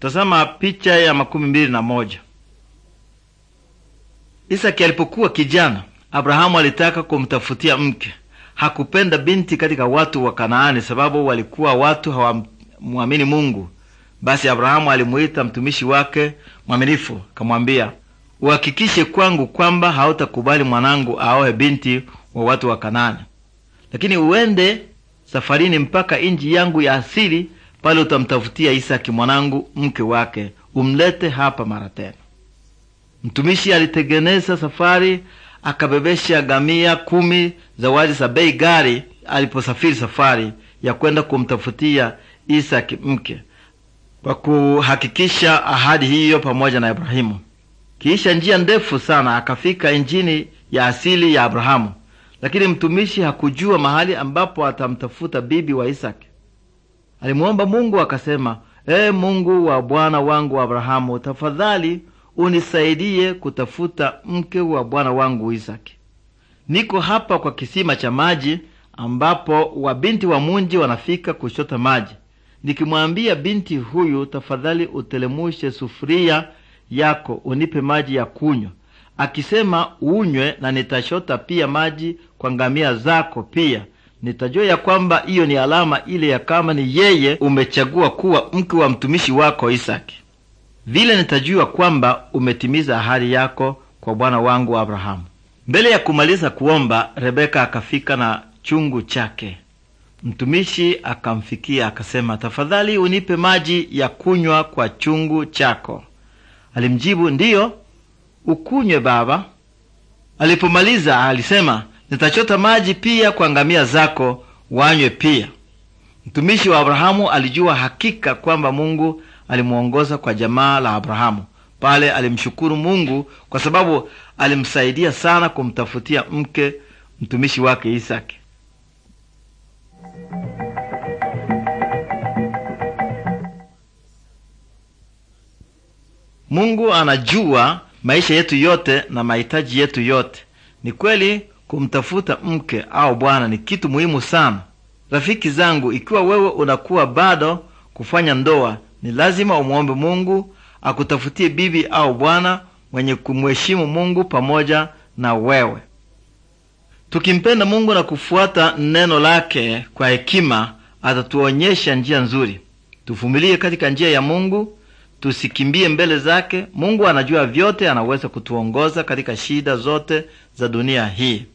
Tazama picha ya makumi mbili na moja. Isaki alipokuwa kijana, Abrahamu alitaka kumtafutia mke. Hakupenda binti katika watu wa Kanaani sababu walikuwa watu hawamwamini Mungu. Basi Abrahamu alimuita mtumishi wake mwaminifu, akamwambia, uhakikishe kwangu kwamba hautakubali mwanangu aoe binti wa watu wa Kanaani, lakini uende safarini mpaka inji yangu ya asili pale utamtafutia Isaki mwanangu mke wake, umlete hapa mara tena. Mtumishi alitengeneza safari, akabebesha gamia kumi zawadi za bei gari, aliposafiri safari ya kwenda kumtafutia Isaki mke, kwa kuhakikisha ahadi hiyo pamoja na Ibrahimu. Kisha njia ndefu sana akafika injini ya asili ya Abrahamu, lakini mtumishi hakujua mahali ambapo atamtafuta bibi wa Isaki. Alimwomba Mungu akasema, E Mungu wa bwana wangu Abrahamu, tafadhali unisaidie kutafuta mke wa bwana wangu Isaki. Niko hapa kwa kisima cha maji ambapo wabinti wa munji wanafika kushota maji. Nikimwambia binti huyu, tafadhali utelemushe sufuria yako unipe maji ya kunywa, akisema unywe, na nitashota pia maji kwa ngamia zako pia nitajua ya kwamba hiyo ni alama ile ya kama ni yeye umechagua kuwa mke wa mtumishi wako Isaki. Vile nitajua kwamba umetimiza ahadi yako kwa bwana wangu Abrahamu. Mbele ya kumaliza kuomba, Rebeka akafika na chungu chake. Mtumishi akamfikia akasema, tafadhali unipe maji ya kunywa kwa chungu chako. Alimjibu, ndiyo, ukunywe baba. Alipomaliza alisema, nitachota maji pia kwa ngamia zako wanywe pia. Mtumishi wa Abrahamu alijua hakika kwamba Mungu alimwongoza kwa jamaa la Abrahamu. Pale alimshukuru Mungu kwa sababu alimsaidia sana kumtafutia mke mtumishi wake Isaki. Mungu anajua maisha yetu yote na mahitaji yetu yote. Ni kweli kumtafuta mke au bwana ni kitu muhimu sana. Rafiki zangu, ikiwa wewe unakuwa bado kufanya ndoa, ni lazima umwombe Mungu akutafutie bibi au bwana mwenye kumheshimu Mungu pamoja na wewe. Tukimpenda Mungu na kufuata neno lake kwa hekima, atatuonyesha njia nzuri. Tuvumilie katika njia ya Mungu, tusikimbie mbele zake. Mungu anajua vyote, anaweza kutuongoza katika shida zote za dunia hii.